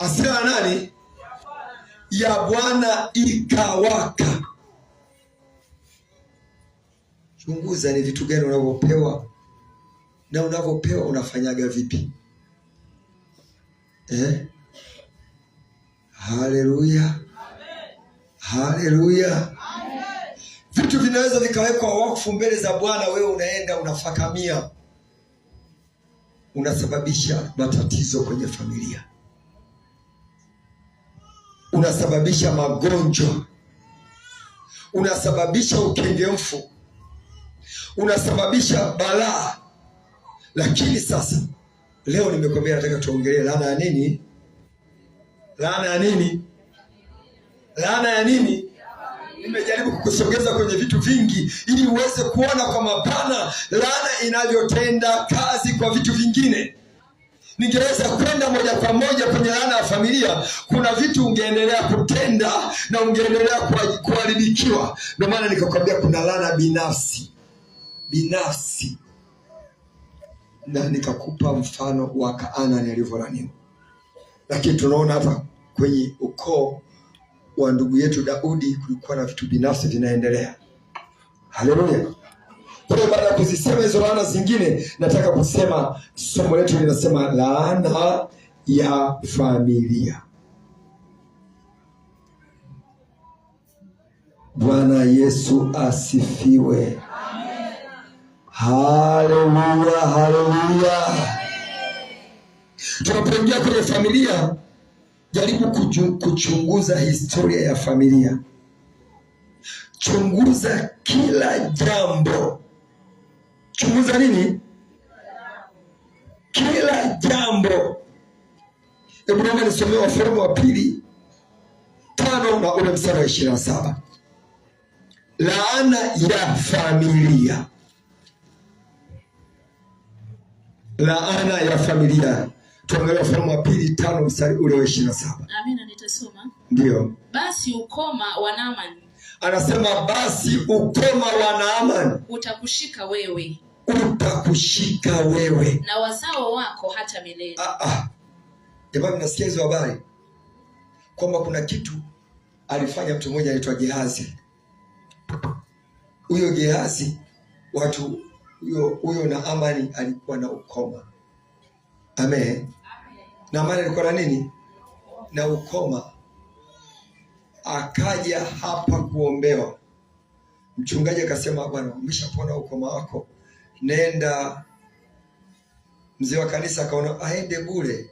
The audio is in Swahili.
hasira ya nani? Ya Bwana ikawaka. Chunguza ni vitu gani unavyopewa na unavyopewa unafanyaga vipi eh? Haleluya, haleluya. Vitu vinaweza vikawekwa wakfu mbele za Bwana, wewe unaenda unafakamia, unasababisha matatizo kwenye familia unasababisha magonjwa, unasababisha ukengemfu, unasababisha balaa. Lakini sasa leo nimekwambia, nataka tuongelee laana ya nini? Laana ya nini? Laana ya nini? Nimejaribu kukusogeza kwenye vitu vingi ili uweze kuona kwa mapana laana inavyotenda kazi kwa vitu vingine ningeweza kwenda moja kwa moja kwenye laana ya familia, kuna vitu ungeendelea kutenda na ungeendelea kuharibikiwa. Ndio maana nikakwambia kuna laana binafsi, binafsi, na nikakupa mfano wa Kaanani alivyolaniwa. Lakini tunaona hapa kwenye ukoo wa ndugu yetu Daudi kulikuwa na vitu binafsi vinaendelea. Haleluya! Kwa hiyo baada ya kuzisema hizo laana zingine, nataka kusema somo letu linasema laana ya familia. Bwana Yesu asifiwe. Haleluya, haleluya. Tunapoingia kwenye familia, jaribu kuchunguza historia ya familia. Chunguza kila jambo chunguza nini? Kila jambo. Hebu naomba nisomee Wafalme wa pili tano na ule mstari wa ishirini na saba laana ya familia, laana ya familia. Tuangalie Wafalme wa pili tano mstari ule wa ishirini na saba. Amina, nitasoma. Ndio, basi ukoma wa Naamani, anasema basi ukoma wa Naamani utakushika wewe utakushika wewe na wazao wako hata milele. Ah, ah. Jamani, nasikia hizo habari kwamba kuna kitu alifanya mtu mmoja anaitwa Gehazi. Huyo Gehazi watu huyo huyo na Amani alikuwa na ukoma. Amen. Amen. Na Amani alikuwa na nini? Na ukoma. Akaja hapa kuombewa. Mchungaji akasema, bwana, umeshapona ukoma wako nenda mzee wa kanisa akaona aende bure,